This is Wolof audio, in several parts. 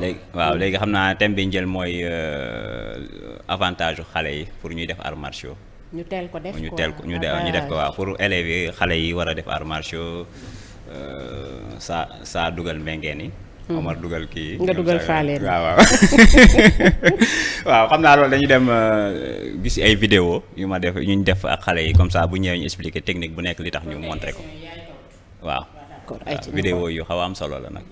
léegi waaw léegi xam naa thème bi ñu jël mooy euh, avantage xale yi pour ñuy def arts martiaux ñu teel ko def ko ñu teel ko ñu def ko euh, waaw pour élèves yi xale yi war a def arts martiaux euh, saa saa dugal mbengeen yi hmm. Omar dugal kii. nga dugal faale waaw waaw xam naa lool dañu dem gis ay vidéo yu ma def yu ñu def ak xale yi comme ça bu ñëwee ñu expliquer technique bu nekk li tax ñu montré ko waaw. vidéo yu xaw a am solo la nag.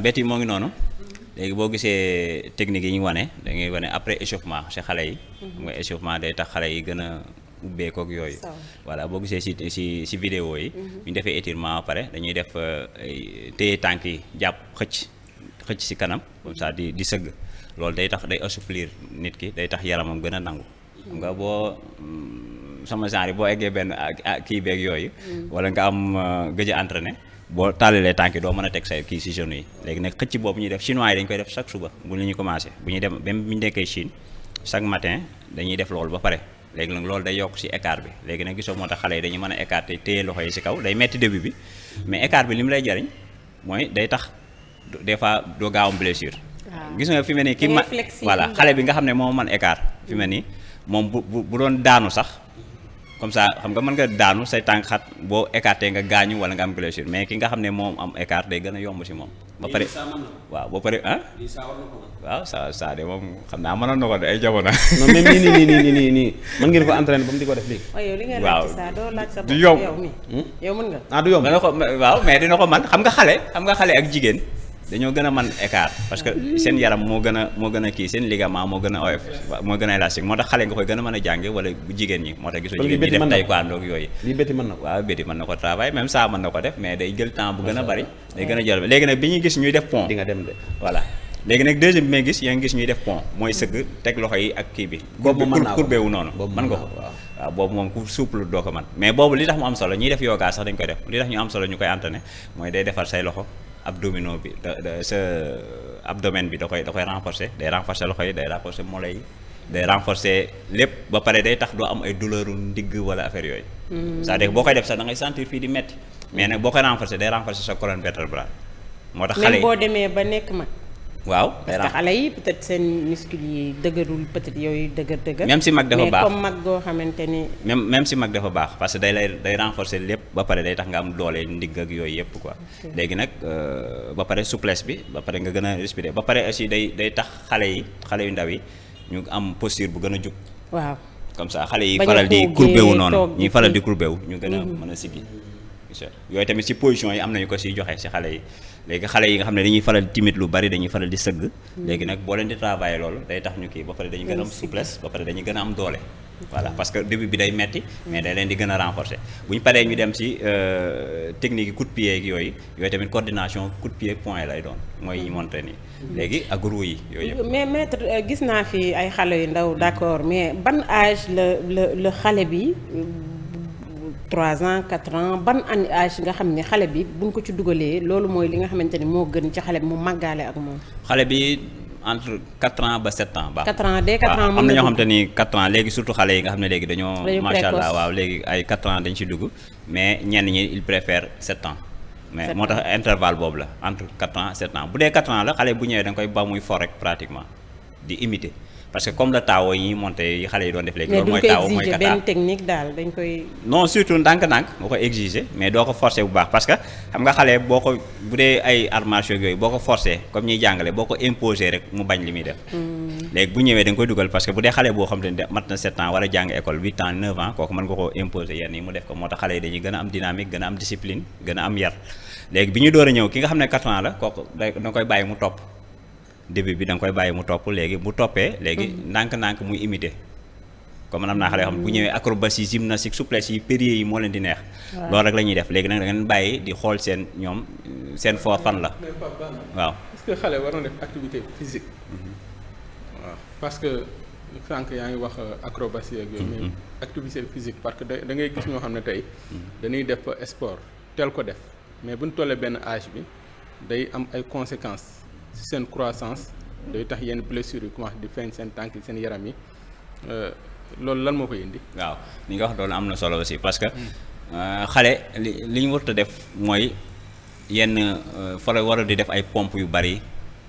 mbett yi moo ngi noonu léegi boo gisee technique yi ñu wane da ngay wane après échopement si xale yi. Mhm. xam nga échauffement day tax xale yi gën a ubbeekook yooyu. voilà boo gisee si si si vidéo yi. Mhm. ñu defee étirement ba dañuy def euh, téye tànk yi jàpp xëcc xëcc si kanam di sëgg loolu day tax day assouplir nit ki day tax yaramam gën a nangu. nga boo mm, sama genre yi boo eggee benn kii beeg yooyu. Mhm. wala nga am euh, gëj a entraîné. boo taalalee tànk yi doo mën a teg say kii si genoux yi léegi nag xëcc boobu ñuy def chinois yi dañ koy def chaque suba bu ñu commencé bu ñuy nekkee Chine chaque matin dañuy def loolu ba pare léegi nag loolu day yokk si écart bi léegi nag gisoo moo xale yi dañuy mën a écarté téye loxo yi si kaw day metti début bi mais écart bi li mu lay jariñ mooy day tax des fois doo gaaw am blessure. gis nga fi mel ne nii ki ma voilà xale bi nga xam ne moo man écart fi mel ne nii moom bu bu doon daanu sax. comme ça xam nga man nga daanu say tànk xat boo écarté nga gaañu wala nga am blessure mais ki nga xam ne moom am écart day gën a yomb si moom. ba pare waaw ba pare ah. waaw sa sa de moom xam naa mënoon na ko de ay jamono. non mais nii nii nii nii nii nii mën ngeen ko entraîné ba mu di ko def léegi. waaw du yomb hmm? yow mën nga. ah waaw mais dina ko man xam nga xale xam nga xale ak jigéen. dañoo gën a man écart parce que seen yaram moo gën a moo gën a kii seen ligament moo gën a oyof moo gën a élastique moo tax xale nga koy gën a mën a jànge wala jigéen ñi moo tax gisoo jigéen ñi def tay quoi ndoog yooyu lii béti mën na ko waaw béti mën na ko travail même ça mën na ko def mais day jël temps bu gën a bari day gën a jël léegi nag bi gis ñuy def pont di nga dem de voilà léegi nag deuxième bi may gis ñuy def pont mooy sëgg teg loxo yi ak kii bi boobu courbé wu noonu mën nga ko waaw boobu moom ku souple doo ko man mais boobu li tax mu am solo ñuy def yoga sax dañ koy def li am solo ñu koy entraîner mooy day defar say loxo abdominaux bi da sa abdomen bi da koy da koy renforcer day renforcer loxo yi day renforcer lépp ba pare day tax doo am ay douleuru ndigg wala affaire yooyu. Hmm. sa à dire boo koy def sax da ngay sentir fii di metti mais nag boo koy renforcer day renforcer sa colonne vertébrale. moo tax xale yi boo demee ba nekk mag. waaw parce que xale yi peut seen muscle yi dëgërul peut être yooyu dëgër dëgër. même si mag dafa baax mais comme mag goo xamante ni. même même si mag dafa baax parce que day lay day renforcer lépp ba pare day tax nga am doole ndigg ak yooyu yëpp quoi. léegi nag euh, ba pare souplesse bi ba pare nga gën a respirer ba pare aussi day day tax xale yi xale yu ndaw yi ñu am posture bu gën a jub. waaw comme ça xale yi faral di. courbé wu noonu ñuy faral di courbé wu ñu gën a mhm. mën a siggi yooyu tamit si position yi am nañu ko siy joxe si xale yi léegi xale yi nga xam ne dañuy faral timide lu bari dañuy faral di sëgg hmm. léegi nag boo leen di travailler loolu day tax ñu kii ba pare dañuy gën a am doole hmm. voilà parce que bi day metti hmm. mais day leen di gën a renforcer bu paree ñu dem si euh, technique yi coup yooyu yooyu tamit coordination coup de pied point lay doon mooy yi monté nii léegi ak roue yi mais maître euh, gis naa fi ay xale yu ndaw 3 ans 4 ans ban an âge nga xam ni xale bi buñ ko ci dugalee loolu mooy li nga xamante ni moo gën ci xale bi mu màggaale ak moom. xale bi entre 4 ans ba 7 ans. baax 4 ans dès 4 ans am na ñoo xam te ni 4 léegi surtout xale yi nga xam ne léegi dañoo. macha allah waaw léegi ay 4 ans dañ ci dugg mais ñenn ñi il préfère 7 ans. mais moo tax interval boobu la entre 4 ans 7 ans bu dee 4 ans la xale bu ñëwee da nga koy ba muy fort rek pratiquement di imiter. parce que comme la taawo yi monté yi xale yi doon def léegi loolu mooy taawo mooy kata benn technique daal dañ koy non surtout ndànk-ndànk nga ko exiger mais doo ko forcer bu baax parce que xam nga xale boo ko bu dee ay arts martiaux yooyu boo ko forcer comme ñuy jàngale boo ko imposer rek mu bañ li muy def hmm. léegi bu ñëwee da nga koy dugal parce que bu dee xale boo xam te ne mat na 7 ans war a jàng école 8 ans 9 ans kooku mën nga ko imposer yenn yi mu def ko moo tax xale yi dañuy gën a ki nga xam ne 4 ans la koy bàyyi mu début bi da koy bàyyi mu topp léegi bu toppee léegi mm-hmm. ndànk-ndànk muy imité comme man am naa xale yoo xam ne bu mm-hmm. ñëwee acrobatie gymnastique souplesse yi périer yi moo leen di neex loolu rek la ñuy def léegi nag da ngeen bàyyi di xool seen ñoom seen for fan la waaw est que xale war na activité physique mm-hmm. waaw parce que sànq yaa ngi wax euh, acrobatie ak yooyu mais activité physique parce que da ngay gis ñoo xam ne tey dañuy def sport teel ko def mais bu ñu tollee benn age bi day am ay conséquences si seen croissance day tax yenn blessures yu commencé di feeñ seen tànk seen yaram yi euh, loolu lan moo koy indi. waaw li nga wax doon am na solo aussi parce que hmm. euh, xale li li ñu warut a def mooy yenn euh, fa la war a di def ay pompes yu bari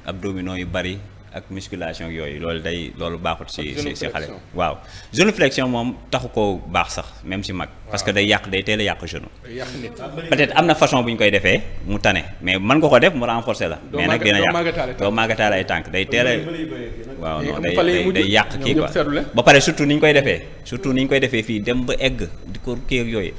abdominaux yu bari ak musculation yooyu loolu day loolu baaxut si si si xale waaw genuflexion moom taxu koo baax sax même si mag parce que day yàq day teel a yàq genou ah, peut-être am na façon bu ñu koy defee mu tane mais mën nga ko def mu renforcer la mais nag dina yàq doo màggataal ay tànk day teel a waaw non day day yàq kii quoi ba pare surtout ni ñu koy defee surtout ni ñu koy defee fii dem ba egg di ko kii ak yooyu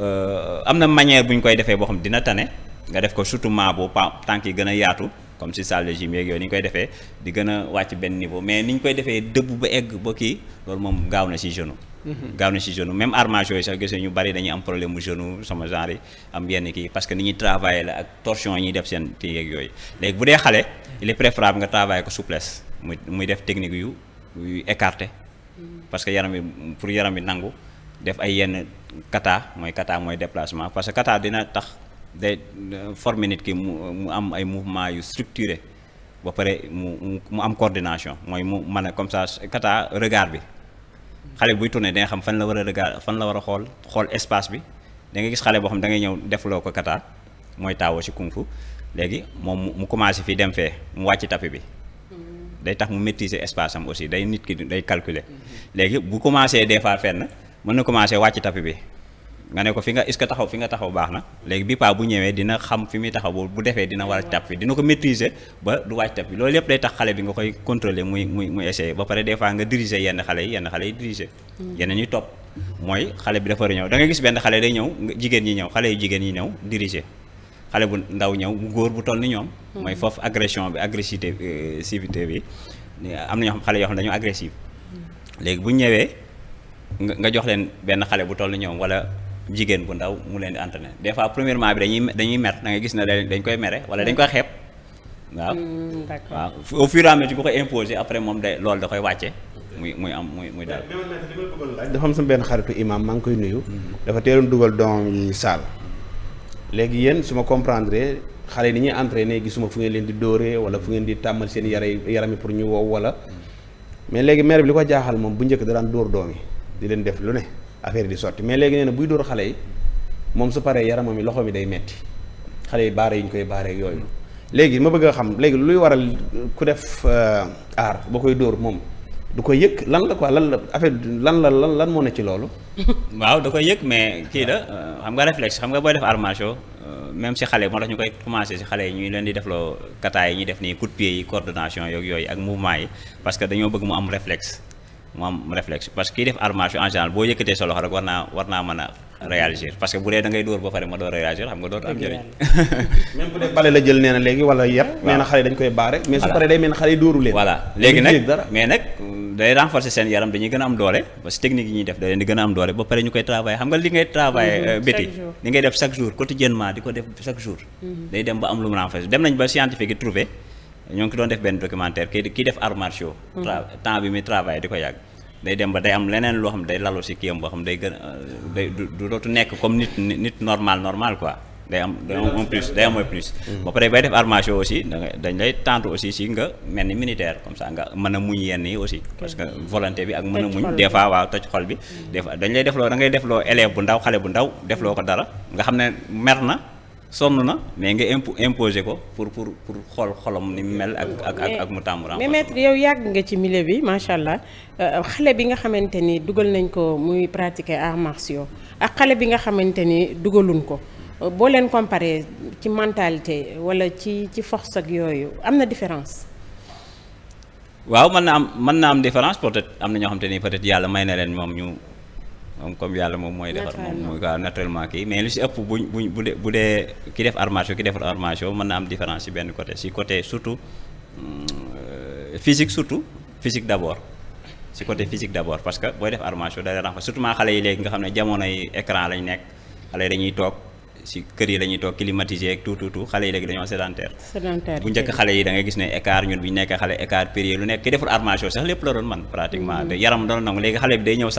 euh, am na manière bu ñu koy defee boo xam dina tane nga def ko surtout maa pa tànk yi gën a yaatu comme si salle de gym yeeg yooyu ni ñu koy defee di gën a wàcc benn niveau mais ni ñu koy defee dëbb ba egg ba kii loolu moom gaaw na si genou mhm. gaaw na si genou même armage yooyu sax gisee ñu bari dañuy am problème mu genou sama genre yi am yenn kii parce que ni ñuy travailler la ak torsion yi ñuy def seen kii yeeg yooyu léegi bu dee xale il est préférable nga travailler ko souplesse muy mu def technique yu yu écarté mhm. parce que yaram bi pour yaram bi nangu def ay yenn kata mooy kata mooy déplacement parce que kata dina tax day former nit ki mu mu am ay mouvement yu structuré ba pare mu mu am coordination mooy mu mën a comme ça kata regard bi xale buy tourné da nga xam fan la war a regard fan la war a xool xool espace bi dangay gis xale boo xam da ngay ñëw defloo ko kata mooy taawoo ci kung léegi moom mu commencé fi dem fee mu wàcc tapis bi day tax mu maîtriser espace am aussi day nit ki du day calculer mm-hmm. léegi bu commencé des fois fenn mën na commencé wàcc tapis bi nga ne ko fi nga est-ce taxaw fi nga taxaw baax na léegi bi paa bu ñëwee dina xam fi muy taxaw bu bu defee dina war a tap fi dina ko maîtriser ba du wàcc tap fi loolu yëpp day tax xale bi nga koy contrôler muy muy muy ba pare des fois nga diriger yenn xale yi yenn xale yi diriger hmm. yeneen ñuy topp mooy xale bi dafa ñëw da nga gis benn xale day ñëw jigéen ñi ñëw xale yu jigéen ñi ñëw diriger xale bu ndaw ñëw bu góor bu toll ni ñoom hmm. mooy foofu agression bi agressivité euh, bi am na ñoo xam xale yoo xam ne dañoo agressif hmm. léegi bu ñëwee nga jox leen benn xale bu toll ni ñoom wala jigéen bu ndaw mu leen di entraîner des fois premièrement bi dañuy dañuy mer da ngay gis ne dañ koy mere wala dañ koy xeeb waaw mm, waaw au fur et bu ko imposer après moom day loolu da koy wàcce muy muy am muy muy daal dafa am benn xaritu imam maa ngi koy nuyu mm-hmm. dafa teeloon dugal doom yi saal léegi yéen su ma comprendre xale ni ñuy entraîné gisuma fu ngeen leen di dóoree wala fu ngeen di tàmmal seen yaram yarami pour ñu wow wala mm-hmm. mais léegi mère bi li ko jaaxal moom bu njëkk da dóor doom yi di leen def lu affaire di sotti mais léegi nee buy dóor xale yi moom su paree yaramam mi loxo mi day metti xale yi baare yi ñu koy baaree yooyu léegi ma bëgg a xam léegi luy waral ku def euh, aar boo koy dóor moom du ko yëg lan la quoi lan la affaire lan la lan lan moo ne ci loolu. waaw da koy yëg mais kii la euh, xam nga réflexe xam nga booy def arts martiaux euh, même si xale moo tax ñu koy commencé si xale yi ñuy leen di def loo kataay yi ñuy def nii coup de yi coordination yooyu yooyu ak mouvement yi parce que dañoo bëgg mu am réflexe. mu am réflexe parce que kiy def armage en général boo yëkkatee sa loxo rek war naa war a réagir parce que bu xam nga dootu am njëriñ même bu dee bale la jël nee léegi wala yar nee na xale dañ koy baare mais su paree day mel ne xale yi dóoru leen voilà léegi nag mais nag euh, day renforcer seen yaram dañuy gën a am doole parce que technique yi ñuy def da gën a am doole ba pare ñu koy travailler xam nga li ngay travailler mhm. euh, béti li ngay def chaque jour quotidiennement di ko def chaque jour mhm. day dem ba am lu mu ñoo ngi ko doon def benn documentaire kii kii def art martiaux mm-hmm. temps bi muy travail di ko yàgg day dem ba day am leneen loo xam day lalu si kiyam boo xam day gën euh, day du dootu nekk comme nit nit normal normal quoi day am day am plus day am plus. Mm-hmm. ba pare bay def armation aussi dañ lay tentu aussi si nga mel ni militaire comme ça nga mën a muñ yenn yi aussi. parce que volonté bi ak mën a muñ. des fois waaw toj xol bi. Mm-hmm. des fois dañ lay defloo da ngay defloo élève bu ndaw xale bu ndaw defloo ko dara nga xam na. sonn na mais nga impo imposé ko pour pour pour xool xolam ni mu mel ak ak ak ak mu tàmmu mais maître yow yàgg nga ci milieu bi macha allah euh, xale bi nga xamante ni dugal nañ ko muy pratiquer arts martiaux ak xale bi nga xamante ni dugaluñ ko euh, boo leen comparé ci mentalité wala ci ci force ak yooyu am na différence. waaw mën na am mën na am différence peut-être am na ñoo xamante ni peut-être yàlla may na leen moom ñu. moom comme yàlla moom mooy defar moom mooy waaw naturellement kii mais si ëpp buñ buñ bu dee bu dee def armation ki na am différence si benn côté si côté surtout euh, physique surtout physique d'abord si côté physique d'abord parce que booy def armation day renforcer surtout maa xale yi léegi nga xam ne jamonoy écran lañ nekk xale yi dañuy toog si kër yi la ñuy toog climatisé ak tout tout tout xale yi léegi dañoo sédentaire bu njëkk xale yi da ngay gis ne écart ñun bi ñu nekkee xale écart périer lu nekk ki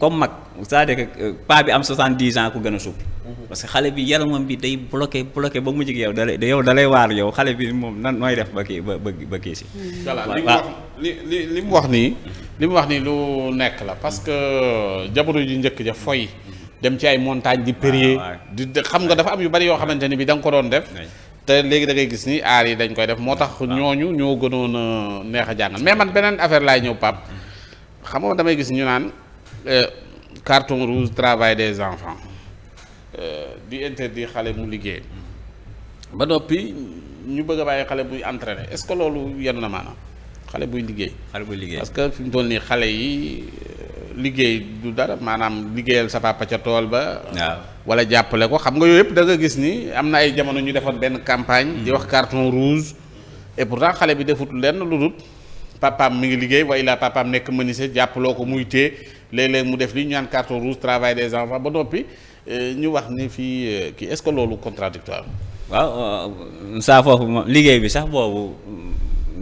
comme mag saa à dire euh, paa bi am 70 ans ku gën a suppi mhm. parce que xale bi yaramam bi day bloqué bloqué ba mujj yow dalay yow dalay waar yow xale bi moom nan nooy def ba kii ba ba kii si. Mhm. voilà li mu wax li li li wax nii. li mu wax nii lu nekk la parce que jabaru ji njëkk ja foy. dem ci ay montagne di périer ah, di xam nga dafa am yu bari yoo ah, xamante ni bi da nga ko doon def. te léegi dangay gis ni aar yi dañ koy def moo tax ah. ñooñu ñoo gënoon a neex a jàngal mais man beneen affaire laay ñëw pap mhm. xam nga damay gis ñu naan. Euh, carton rouge travail des enfants euh, di interdit xale mu liggéey ba noppi ñu bëgg a bàyyi xale buy entraîner est-ce que loolu yenn na maanaam xale buy liggéey. xale buy liggéey parce que fi mu toll nii xale yi euh, liggéey du dara maanaam liggéeyal sa papa ca tool ba. wala jàppale ko xam nga yooyu yëpp danga gis ni am na ay jamono ñu defoon benn campagne. di wax carton rouge. et pourtant xale bi defut lenn lu dul papaam mi ngi liggéey waaye laa papaam nekk menuisier jàppaloo ko muy léeg-léeg mu def li ñu naan carton rouge travail des enfants ba noppi euh, ñu wax ni fii euh, kii est-ce que loolu contradictoire waaw euh, saa foofu moom liggéey bi sax boobu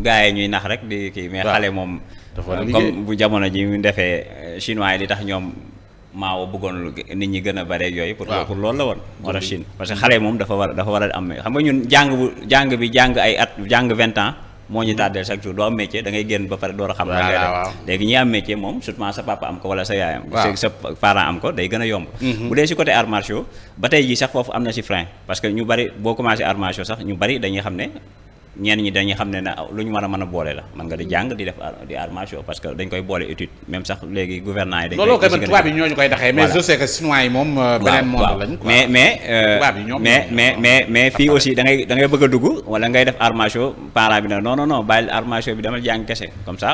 gars yi ñuy nax rek di kii mais xale moom comme bu jamono ji mu defee chinois yi di tax ñoom maawo bëggoon lu nit ñi gën a bare yooyu pour pour loolu la woon moo tax Chine parce que xale moom dafa war a war a am xam nga ñun jàng bu jàng bi jàng ay at jàng vingt ans moo ñu tàddeel chaque jour doo am métier da génn ba pare door a xam la ngay def ñi am métier moom surtout sa papa am ko wala sa yaay am sa parent am ko day gën a yomb mhm. bu dee si côté arts ba tey ji sax foofu am na si frein parce que ñu bari boo commencé arts sax ñu bari dañuy xam ne ñeen ñi dañuy xam ne na lu ñu war a mën a boole la man nga di jàng di def di arts martiaux parce que dañ koy boole étude même sax léegi gouvernement yi dañ koy man tubaab yi mais je moom euh, beneen monde lañ mais mais euh, mais mais mais fii aussi da ngay da ngay bëgg a dugg wala ngay def arts martiaux parent bi na non non non bàyyil arts martiaux bi dama jàng kese comme ça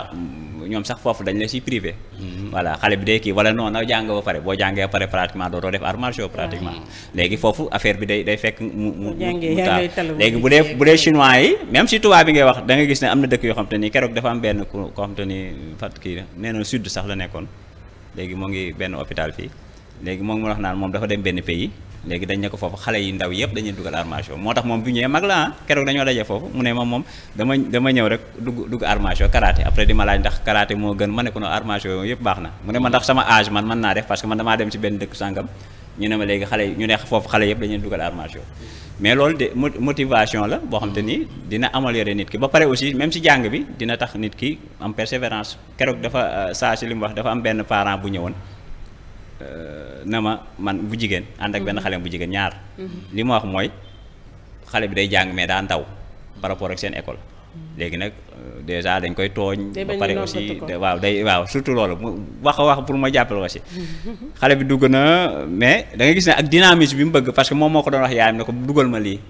ñoom sax foofu dañu la si privé mm-hmm. voilà xale bi day kii wala non na jàng ba pare boo jàngee pare pratiquement dootoo def arts martiaux pratiquement léegi foofu affaire bi day day fekk mu mu taa léegi bu dee bu dee chinois yi même si bi ngay wax da gis ne am na dëkk yoo xam te ni keroog dafa am benn ko xam te ni fat kii nee na sud sax la nekkoon léegi moo ngi benn hôpital fii léegi moo ngi mun wax naan moom dafa dem benn pays léegi dañ ne ko foofu xale yi ndaw yëpp dañuy dugal armation moo tax moom bu ñëwee mag la ah keroog dañoo daje foofu mu ne ma moom dama ñëw rek dugg dugg armation karaté après di ma laaj ndax karaté moo gën ma ne ko no armation yëpp baax na mu ne ma ndax sama âge man mën naa def parce que man damaa dem ci benn dëkk sàngam ñu ne ma léegi xale yi ñu ne foofu xale yëpp dañuy dugal armation mais loolu de motivation la boo xam te ni dina améliorer nit ki ba pare aussi même si jàng bi dina nit ki am persévérance keroog dafa euh, saa si wax dafa am benn parent bu ñëwoon Euh, na ma man bu jigéen ànd ak benn mhm. xale bu jigéen ñaar mhm. li ma wax mooy xale bi day jàng mais daa ndaw par rapport ak seen école mhm. léegi nag euh, déjà dañ koy tooñ ba pare aussi waaw waaw surtout loolu mu wax wax pour ma jàppale si xale bi dugg na mais da nga gis ne ak dynamisme bi mu bëgg parce que moom moo ko doon wax yaayam ne ko dugal ma lii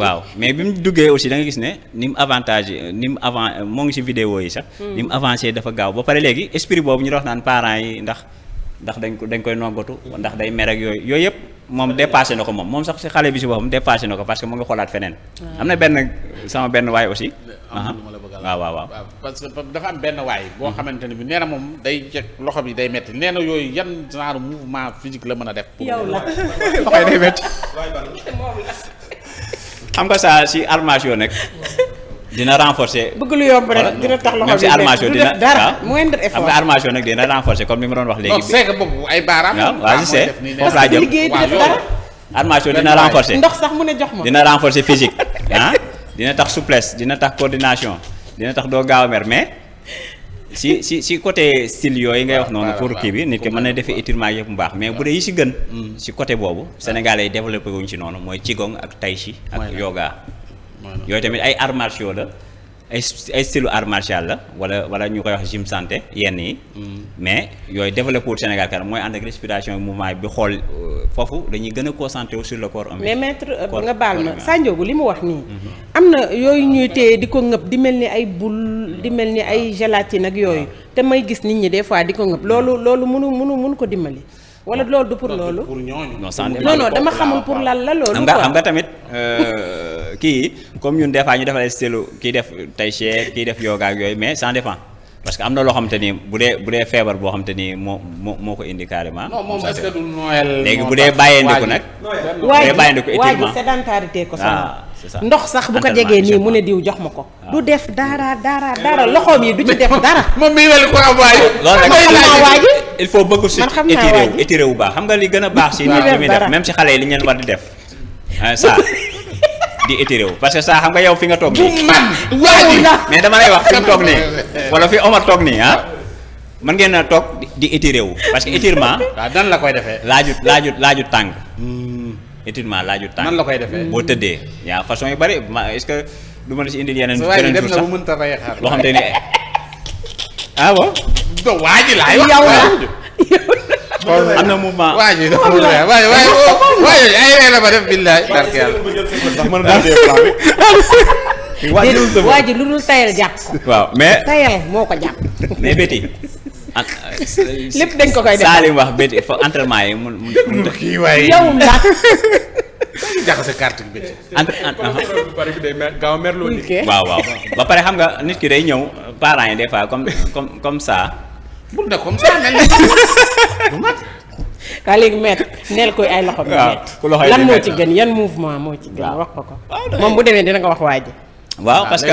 waaw mais bi mu duggee aussi danga nga gis ne ni mu avantage ni mu avant moo ngi si vidéo yi sax hmm. ni mu avancé dafa gaaw ba pare léegi esprit boobu ndax dañ ko dañ koy nongatu ndax day mer ak yooyu yooyu yëpp moom dépassé na ko moom moom sax si xale bi si boppam dépassé na ko parce que mu ngi xoolaat feneen am na benn sama benn waay aussi waaw waaw waaw parce que dafa am benn waay boo hmm. xamante ne bi nee moom day jeg loxo bi day metti nee na yooyu yan genre mouvement physique la mën a def pour loxo yi day xam nga saa si armage yoo nekk dina renforcer. bëgg lu yomb rek dina tax loxo bi du def dara mu ngeen def effort xam nga armation nag dina comme ni ma doon wax léegi. non c'est que boobu ay baaraam. waaw je sais foofu laa jëm liggéey du def dara. armation dina sax mu ne jox ma. dina renforcer physique ah dina tax souplesse dina tax coordination dina tax doo gaaw a mais. si si si côté style yooyu ngay wax noonu pour kii bi nit ki mën na defee étirement yëpp mu baax mais bu dee yi si gën mm. si côté boobu sénégalais yi développé wuñ ci noonu mooy qigong ak tai chi ak yoga yooyu tamit ay arts martiaux la ay ay style art martial la wala wala ñu koy wax gym santé yenn yi. Hmm. mais yooyu développé pour Sénégal kanam mooy ànd ak respiration mouvement bi xool euh, foofu dañuy gën a concentré wu sur le corps humain. mais maître euh, nga baal ma Sandiogou li mu wax nii. Mhm. am na yooyu ñuy téye di ko ngëb di mel ni ay boule di mel ni ay gélatine ak yooyu ah. te may gis nit ñi des fois di ko ngëb loolu loolu mënu mënu mënu ko dimbali. wala loolu du pour loolu. pour ñooñu non sans non non dama xamul pour lan la loolu. nga xam nga tamit euh, kii comme ñun des fois ñu defalee selu kii def tai chi kii def yoga ak yooyu mais ça dépend parce que am na loo xamante ni bu dee bu dee feebar boo xamante ni moo moo moo ko indi carrément. non moom est-ce que du noël léegi bu dee bàyyeendiku nag. bu dee bàyyeendiku étudiant waa ji sédentarité ko sonal. ndox sax bu ko jegee nii mu ne diw jox ma ko. Ah. du def dara dara eh, dara loxoom yi du ci def dara. moom mi wala ko am waaye. loolu il faut bëgg si étiré wu étiré wu baax xam nga li gën a baax. si nit ñi muy xale yi li ñu leen war def saa ah, di étiré parce que saa xam nga yow fi nga toog nii. mais dama lay wax fi toog nii wala fi Omar toog nii ah. mën ngeen a toog di étiré wu parce que étirement. waaw dan la koy defee laajut laajut laaju tàng étudiant laaju temps nan la koy defee boo tëddee yaa façon yu bëri ma est-ce que du ma la si indil yeneen beneen jour sax loo xam ne ah bon do ma def billaay barke yàlla waa ji lu dul tayal jàpp waaw mais tayal moo ko jàpp. mais béti ak. lépp dañ ko koy def Salim wax béti fa entraînement yi mun mun. kii waaye nag. jaxase carte bi. entre entre uh-huh. waaw waaw ba pare xam nit ki day ñëw parents yi des fois comme comme comme ça. bul de comme ça mel waa léegi maître neel koy ay loxo. waaw ku loxo lan moo ci gën yan mouvement moo ci gën. wax ko ko moom bu demee dina nga wax waa ji. waaw ah, parce que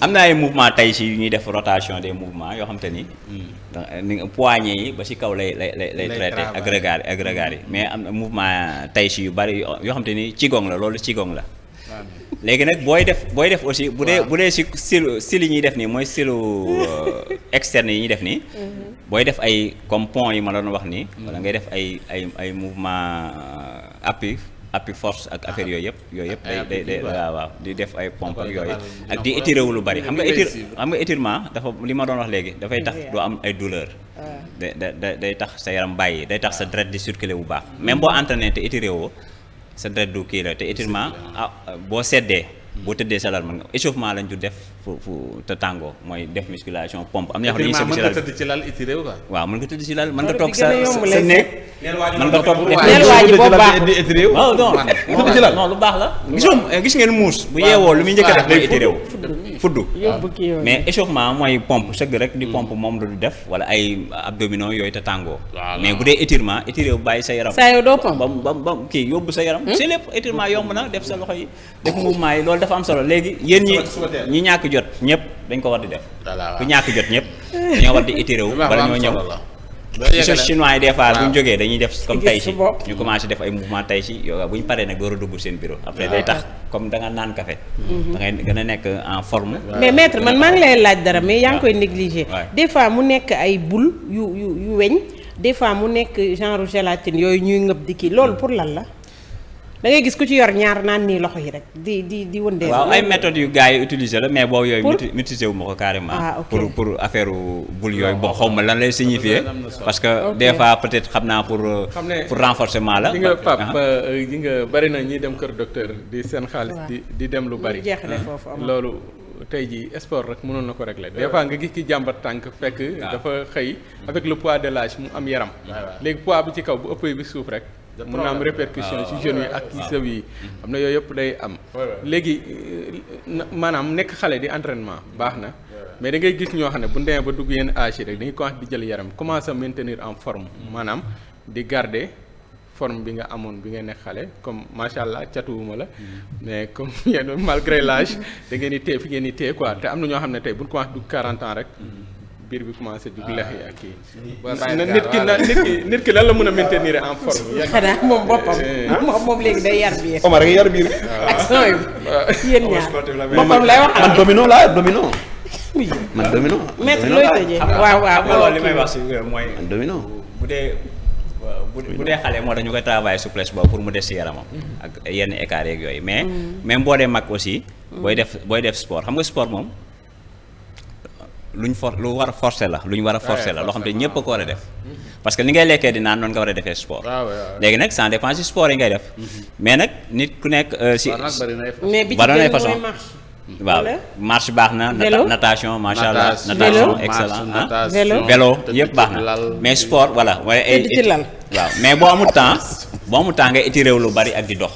am na ay mouvement tey si yu ñuy def rotation des mouvement yoo xam te ni. Hmm. Eh, poignée yi ba si kaw lay lay lay lay traité ak ak hmm. regard yi mais am na mouvement tey si yu bari yoo xam te ni qigong la loolu qigong la. léegi nag booy def booy def aussi bu dee bu dee si style style yi ñuy def nii mooy style euh, externe yi ñuy def nii. Mm-hmm. booy def ay comme pont yi ma doon wax nii. Hmm. wala ngay def ay ay ay mouvement euh, appui. appui force ak affaire yooyu yëpp yooyu yëpp day ah, day waaw waaw di def ay pompe ak yooyu ak di étiré wu lu bari xam nga étire xam nga étirement dafa li ma doon wax léegi dafay tax doo am ay douleur day day tax sa yaram bàyyi day tax sa deret di circuler bu baax même boo mm-hmm. entraîné te étiré woo sa deret du kii la te étirement ah boo seddee boo tëddee sa lal mën nga échauffement lañ du def fu fu te tàngoo mooy def musculation pompe am na ñoo xam ne dañuy. sëb si lal waaw mën nga tëdd si lal mën lu baax la. gisoom gis ngeen muus. bu yeewoo lu muy njëkk a def day étiré wu. fudd mais échauffement mooy pompe sëgg rek di pompe moom la du def wala ay abdominaux yooyu te mais bu dee étirement bàyyi sa yaram. saa yow doo pompe ba ba kii yóbbu sa yaram. si lépp étirement yomb na def sa loxo yi def mouvement yi loolu dafa am solo léegi yéen ñi ñàkk jot ñëpp dañ ko war di def ku ñàkk jot ñëpp dañoo war di itéréw bala ñoo ñëw so chinois yi des fois bu ñu jógee dañuy def comme tay si ñu commencé def ay mouvement tay si yoga bu ñu paree nag door a dugg seen bureau après day tax comme danga nga naan café mhm. da gën a nekk en forme mais maître man maa ngi lay laaj dara mais yaa ngi koy négligé des fois mu nekk ay boule yu yu yu weñ des fois mu nekk genre gélatine yooyu ñuy ngëb di ki loolu pour lan la da gis ku ci yor ñaar naan nii loxo yi rek di di di wëndeel. waaw ay méthodes yu gars yi utiliser la mais boobu yooyu. maîtriser wu ma ko carrément. Ah, pour pour affaire bul yooyu bon xaw ma lan lay signifier. parce que des fois peut être xam naa pour. Euh, pour renforcement la. di nga pap ah. euh, di nga na ñuy dem kër docteur di seen xaalis. di di dem lu bari. Ah. loolu. tey jii sport mënoon na ko régler des nga gis ki jàmbat tànk fekk xëy avec le poids de l'âge mu am yaram léegi poids bi ci kaw bu ëppee bi suuf rek mun na am répercussion ah, ci jeunes yi ak ci ah. sëw yi xam na yooyu yëpp day am léegi euh, maanaam nekk xale di entrainement baax na mais da ngay gis ñoo xam ne bu demee ba dugg yenn âge yi rek dañuy commencé di jël yaram commencé à maintenir en form maanaam di garde form bi nga amoon bi nga nekk xale comme macha allah catuwuma la mm. mais comme yéen malgré l'âge da ngeen di téye fi ngeen di téye quoi te am na ñoo xam ne tey bu ñu commencé dugg 40 ans rek mm. biir bi commencé jug ah. lex yi ak kii na nit ki na nit ki nit ki lan la a maintenir en forme xanaa moom boppam eh. ah. moom moom léegi day yar biir Omar yar biir ah. ak son yu yéen ñaar moom lay wax man domino laa domino man domino maître looy tëjee waaw yenn écart yeeg yooyu mais mm. même boo dee mag aussi booy def booy def sport xam nga sport moom lu ñu for lu war a forcé la lu ñu war a forcé la loo xam te ñëpp ko war a def parce que ni ngay lekkee di naan nga war a defee sport ah léegi nag san dépend si sport yi ngay def mhm. mais nag nit ku nekk euh, si bari na ay façon waaw marche baax na natation macha allah natation excellent ah. vélo yëpp baax na mais sport voilà waaye ay waaw mais boo amul temps boo amul temps ngay étiré wu lu bari ak di dox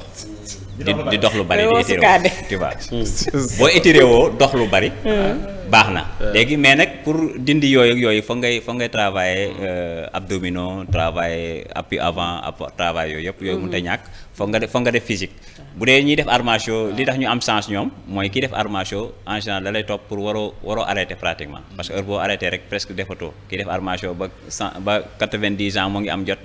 di dox lu bari di étiré tu mm. boo étiré woo dox lu bari mm. baax na euh. léegi mais nag pour dindi yooyu ak yooyu fa ngay fa ngay travailler euh, abdominaux travailler appui avant travail yooyu yëpp yooyu mënut a mm-hmm. ñàkk foog nga def foog nga def physique bu dee ñuy def arts li tax ñu am chance ñoom mooy kii def arts martiaux en général da topp pour waroo waroo arrêté pratiquement parce que heure boo arrêté rek presque defatoo kii def arts ba cent ba quatre-vingt-dix ans moo ngi am jot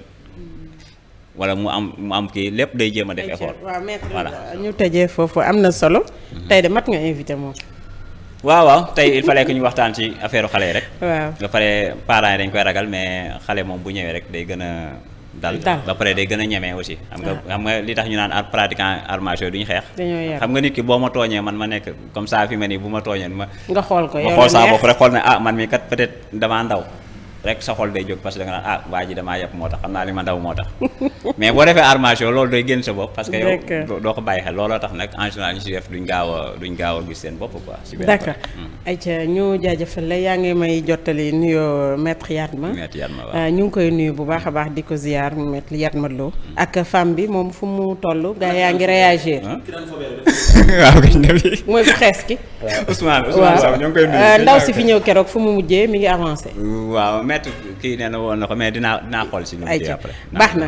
wala mu am mu am kii lépp day jéem a def effort. waaw maître ñu tëjee foofu am na solo. Mhm. tey de mat nga invité moom. waaw waaw tey il fallait que affaire xale yi rek. waaw ba pare parents yi dañ ragal mais xale moom bu ñëwee rek day gën a. dal ba pare day gën a ñemee aussi. xam nga ah. xam nga li tax ñu naan ar pratiquant arts martiaux duñu xeex. xam nga nit ki boo tooñee man ma nekk comme ça fi bu ma tooñee nga xool ko yow ne ah man mi kat peut-être damaa ndaw. rek sa xol day jóg parce que da nga naan ah waa ji damaa yàpp moo tax xam naa li ma daw moo tax mais boo defee armation loolu day génn sa bopp parce que yow doo ko bàyyi xel looloo tax nag en général ñu si def a a a fi ñëw keroog fu mu mujjee mi ngi avancé. maître kii nee woon na ko mais dinaa dinaa xool si. ñu après baax na.